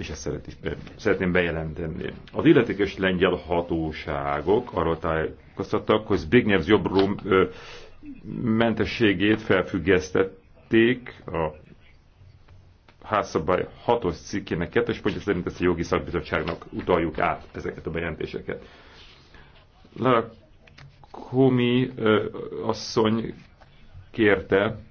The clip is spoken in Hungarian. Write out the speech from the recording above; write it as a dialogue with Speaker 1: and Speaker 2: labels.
Speaker 1: és ezt szeret is, szeretném bejelenteni. Az illetékes lengyel hatóságok arról tájékoztattak, hogy Zbigniew Jobbrum mentességét felfüggesztették a házszabály hatos cikkének kettős pontja szerint ezt a jogi szakbizottságnak utaljuk át ezeket a bejelentéseket. Lara Komi asszony kérte,